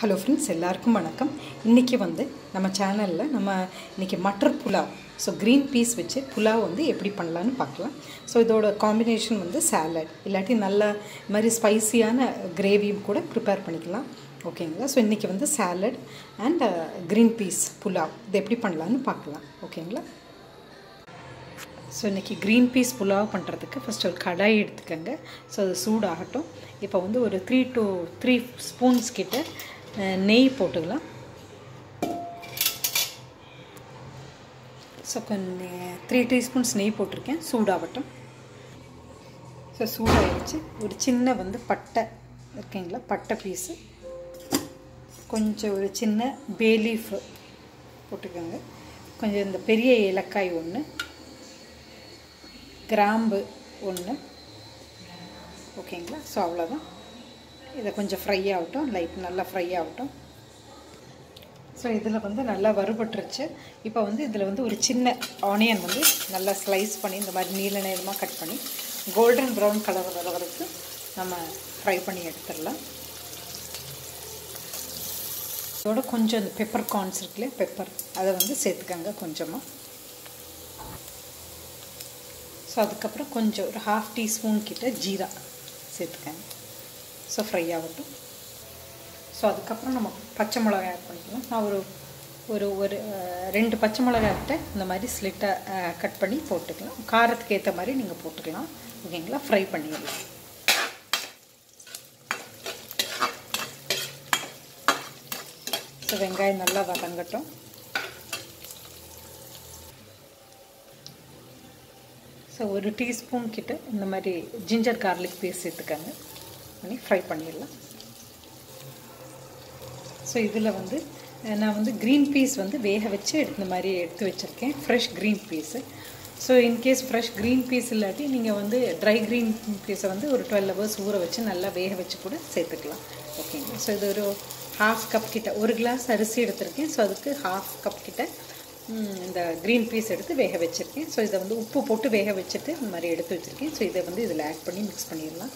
Hello friends எல்லாருக்கும் வணக்கம் இன்றைக்கி வந்து நம்ம சேனலில் நம்ம இன்றைக்கி matar pulao so green peas வச்சு புலாவ் வந்து எப்படி பண்ணலான்னு பார்க்கலாம் ஸோ இதோட காம்பினேஷன் வந்து சேலட் இல்லாட்டி நல்ல மாதிரி ஸ்பைஸியான கிரேவியும் கூட ப்ரிப்பேர் பண்ணிக்கலாம் ஓகேங்களா ஸோ இன்றைக்கி வந்து salad and green peas pulao இது எப்படி பண்ணலான்னு பார்க்கலாம் ஓகேங்களா ஸோ இன்றைக்கி க்ரீன் பீஸ் புலாவ் பண்ணுறதுக்கு ஃபஸ்ட் ஒரு கடாய் எடுத்துக்கோங்க ஸோ அது சூடாகட்டும் இப்போ வந்து ஒரு த்ரீ டூ த்ரீ ஸ்பூன்ஸ் கிட்ட நெய் போட்டுக்கலாம் ஸோ கொஞ்சம் த்ரீ டீஸ்பூன்ஸ் நெய் போட்டிருக்கேன் சூடாகட்டும் ஸோ சூடாகிடுச்சு ஒரு சின்ன வந்து பட்டை இருக்கீங்களா பட்டை பீஸு கொஞ்சம் ஒரு சின்ன பேலீஃப் போட்டுக்கோங்க கொஞ்சம் இந்த பெரிய இலக்காய் ஒன்று கிராம்பு ஒன்று ஓகேங்களா ஸோ அவ்வளோதான் இதை கொஞ்சம் ஃப்ரை ஆகட்டும் லைட் நல்லா ஃப்ரை ஆகட்டும் ஸோ இதில் வந்து நல்லா வறுபட்டுருச்சு இப்போ வந்து இதில் வந்து ஒரு சின்ன ஆனியன் வந்து நல்லா ஸ்லைஸ் பண்ணி இந்த மாதிரி நீல நேரமாக கட் பண்ணி கோல்டன் ப்ரௌன் கலர் வர வரைக்கும் நம்ம ஃப்ரை பண்ணி எடுத்துடலாம் இதோட கொஞ்சம் இந்த பெப்பர் கார்ன்ஸ் இருக்குல்ல பெப்பர் அதை வந்து சேர்த்துக்கங்க கொஞ்சமாக ஸோ அதுக்கப்புறம் கொஞ்சம் ஒரு ஹாஃப் டீஸ்பூன் கிட்ட ஜீரா சேர்த்துக்கங்க ஸோ ஃப்ரை ஆகட்டும் ஸோ அதுக்கப்புறம் நம்ம பச்சை மிளகாய் ஆட் பண்ணிக்கலாம் நான் ஒரு ஒரு ஒரு ரெண்டு பச்சை மிளகாய்கிட்ட இந்த மாதிரி ஸ்லிட்டாக கட் பண்ணி போட்டுக்கலாம் காரத்துக்கு ஏற்ற மாதிரி நீங்கள் போட்டுக்கலாம் ஓகேங்களா ஃப்ரை பண்ணிடலாம் ஸோ வெங்காயம் நல்லா வதங்கட்டும் ஸோ ஒரு டீஸ்பூன் கிட்ட இந்த மாதிரி ஜிஞ்சர் கார்லிக் பேஸ்ட் சேர்த்துக்கங்க பண்ணி ஃப்ரை பண்ணிடலாம் ஸோ இதில் வந்து நான் வந்து க்ரீன் பீஸ் வந்து வேக வச்சு இந்த மாதிரி எடுத்து வச்சுருக்கேன் fresh green peas so in case fresh green peas இல்லாட்டி நீங்கள் வந்து ட்ரை க்ரீன் பீஸை வந்து ஒரு டுவெல் ஹவர்ஸ் ஊற வச்சு நல்லா வேக வச்சு கூட சேர்த்துக்கலாம் ஓகேங்களா ஸோ இது ஒரு ஹாஃப் கப் கிட்ட ஒரு கிளாஸ் அரிசி எடுத்திருக்கேன் ஸோ அதுக்கு ஹாஃப் கப் கிட்ட இந்த க்ரீன் பீஸ் எடுத்து வேக வச்சுருக்கேன் ஸோ இதை வந்து உப்பு போட்டு வேக வச்சுட்டு அந்த மாதிரி எடுத்து வச்சுருக்கேன் ஸோ இதை வந்து இதில் ஆட் பண்ணி மிக்ஸ் பண்ணிடலாம்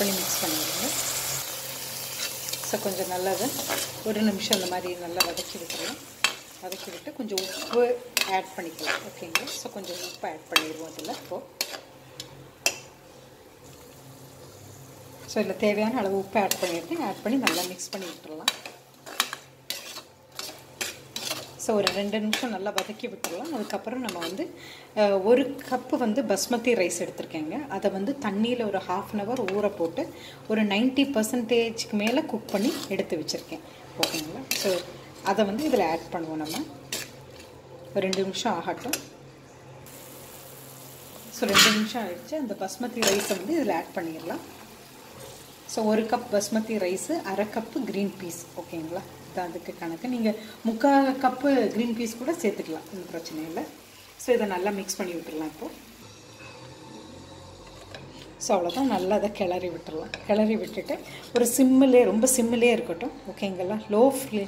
பண்ணி மிக்ஸ் பண்ணிடுங்க ஸோ கொஞ்சம் நல்லது ஒரு நிமிஷம் அந்த மாதிரி நல்லா வதக்கி விட்டுருவோம் வதக்கி விட்டு கொஞ்சம் உப்பு ஆட் பண்ணிக்கலாம் ஓகேங்க ஸோ கொஞ்சம் உப்பு ஆட் பண்ணிடுவோம் அதில் இப்போது ஸோ இதில் தேவையான அளவு உப்பு ஆட் பண்ணிவிட்டு ஆட் பண்ணி நல்லா மிக்ஸ் பண்ணி விட்டுடலாம் ஸோ ஒரு ரெண்டு நிமிஷம் நல்லா வதக்கி விட்டுடலாம் அதுக்கப்புறம் நம்ம வந்து ஒரு கப்பு வந்து பஸ்மதி ரைஸ் எடுத்திருக்கேங்க அதை வந்து தண்ணியில் ஒரு ஹாஃப் அன் ஹவர் ஊற போட்டு ஒரு நைன்ட்டி பர்சன்டேஜ்க்கு மேலே குக் பண்ணி எடுத்து வச்சுருக்கேன் ஓகேங்களா ஸோ அதை வந்து இதில் ஆட் பண்ணுவோம் நம்ம ஒரு ரெண்டு நிமிஷம் ஆகட்டும் ஸோ ரெண்டு நிமிஷம் ஆகிடுச்சு அந்த பஸ்மதி ரைஸை வந்து இதில் ஆட் பண்ணிடலாம் ஸோ ஒரு கப் பஸ்மதி ரைஸு அரை கப்பு க்ரீன் பீஸ் ஓகேங்களா இது அதுக்கு கணக்கு நீங்கள் முக்கால் கப்பு க்ரீன் பீஸ் கூட சேர்த்துக்கலாம் ஒன்றும் பிரச்சனை இல்லை ஸோ இதை நல்லா மிக்ஸ் பண்ணி விட்டுடலாம் இப்போது ஸோ அவ்வளோதான் நல்லா அதை கிளறி விட்டுடலாம் கிளறி விட்டுட்டு ஒரு சிம்மிலே ரொம்ப சிம்மிலே இருக்கட்டும் ஓகேங்களா லோ ஃப்ளே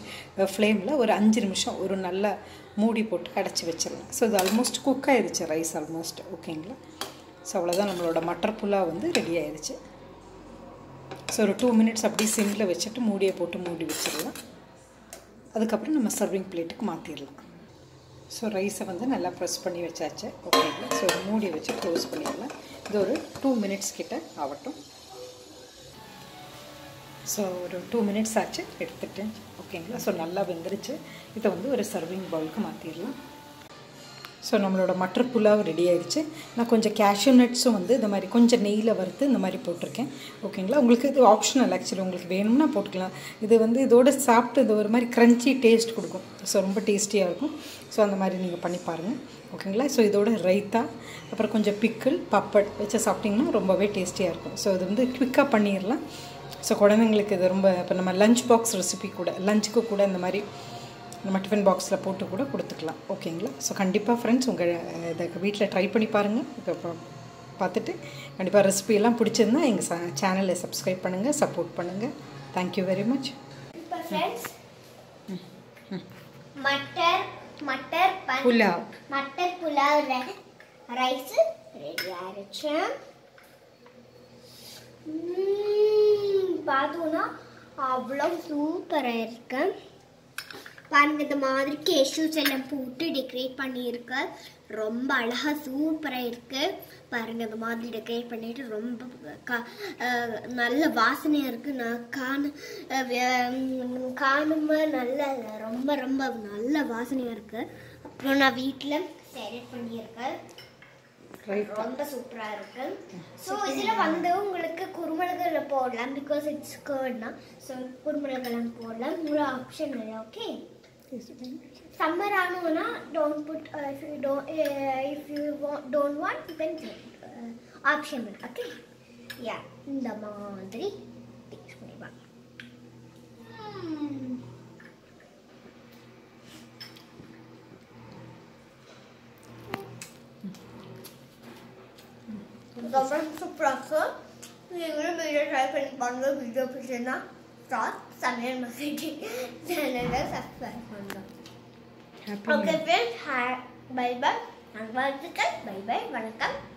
ஃப்ளேமில் ஒரு அஞ்சு நிமிஷம் ஒரு நல்ல மூடி போட்டு கடைச்சி வச்சிடலாம் ஸோ இது ஆல்மோஸ்ட் குக் ஆயிடுச்சு ரைஸ் ஆல்மோஸ்ட் ஓகேங்களா ஸோ அவ்வளோதான் நம்மளோட மட்டர் புலா வந்து ரெடி ஆகிடுச்சு ஸோ ஒரு டூ மினிட்ஸ் அப்படியே சிம்மில் வச்சுட்டு மூடியை போட்டு மூடி வச்சிடலாம் அதுக்கப்புறம் நம்ம சர்விங் பிளேட்டுக்கு மாற்றிடலாம் ஸோ ரைஸை வந்து நல்லா ப்ரெஸ் பண்ணி வச்சாச்சு ஓகேங்களா ஸோ மூடி வச்சு க்ளோஸ் பண்ணிடலாம் இது ஒரு டூ மினிட்ஸ் கிட்ட ஆகட்டும் ஸோ ஒரு டூ மினிட்ஸ் ஆச்சு எடுத்துட்டேன் ஓகேங்களா ஸோ நல்லா வெந்துருச்சு இதை வந்து ஒரு சர்விங் பவுலுக்கு மாற்றிடலாம் ஸோ நம்மளோட மட்டர் புலாவ் ரெடி ஆயிடுச்சு நான் கொஞ்சம் கேஷ்யூ நட்ஸும் வந்து இந்த மாதிரி கொஞ்சம் நெய்யில் வறுத்து இந்த மாதிரி போட்டிருக்கேன் ஓகேங்களா உங்களுக்கு இது ஆப்ஷனல் ஆக்சுவலி உங்களுக்கு வேணும்னா போட்டுக்கலாம் இது வந்து இதோடு சாப்பிட்டு இது ஒரு மாதிரி க்ரன்ச்சி டேஸ்ட் கொடுக்கும் ஸோ ரொம்ப டேஸ்டியாக இருக்கும் ஸோ அந்த மாதிரி நீங்கள் பண்ணி பாருங்கள் ஓகேங்களா ஸோ இதோட ரைத்தா அப்புறம் கொஞ்சம் பிக்கிள் பப்பட் வச்சு சாப்பிட்டிங்கன்னா ரொம்பவே டேஸ்டியாக இருக்கும் ஸோ இது வந்து குவிக்காக பண்ணிடலாம் ஸோ குழந்தைங்களுக்கு இது ரொம்ப இப்போ நம்ம லஞ்ச் பாக்ஸ் ரெசிபி கூட லஞ்சுக்கு கூட இந்த மாதிரி நம்ம டிஃபன் பாக்ஸில் போட்டு கூட கொடுத்துக்கலாம் ஓகேங்களா ஸோ கண்டிப்பாக ஃப்ரெண்ட்ஸ் உங்கள் இதை வீட்டில் ட்ரை பண்ணி பாருங்கள் பார்த்துட்டு கண்டிப்பாக ரெசிபியெல்லாம் பிடிச்சிருந்தா எங்கள் ச சேனலை சப்ஸ்கிரைப் பண்ணுங்கள் சப்போர்ட் பண்ணுங்கள் thank you very much matar matar pulao matar pulao rice ready ஆயிடுச்சு பார்த்தோன்னா அவ்வளோ சூப்பராக இருக்குது பாருங்கள் இந்த மாதிரி கேஷூஸ் எல்லாம் போட்டு டெக்கரேட் பண்ணியிருக்கு ரொம்ப அழகாக சூப்பராக இருக்குது பாருங்கள் இந்த மாதிரி டெக்கரேட் பண்ணிட்டு ரொம்ப கா நல்ல வாசனையாக இருக்குது நான் காண காணும நல்ல ரொம்ப ரொம்ப நல்ல வாசனையாக இருக்குது அப்புறம் நான் வீட்டில் செலக்ட் பண்ணியிருக்கேன் ரொம்ப சூப்பரா இருக்கு ஸோ இதில் வந்து உங்களுக்கு குருமிளகுல போடலாம் பிகாஸ் இட்ஸ் கேர்ட்னா ஸோ குருமிளகுலாம் போடலாம் ஒரு ஆப்ஷன் இல்லை okay Summer Anona, don't put uh, if you don't uh, if you want, don't want you can put uh, option okay. Yeah, the madri తీసుకునే బా గవర్నమెంట్ ప్రాసెస్ మీరు వీడియో ట్రై చేయండి video video పెట్టినా stop, Samir Masiki, channel subscribe करना. Okay friends, hi, bye bye. Bye bye, bye bye, welcome.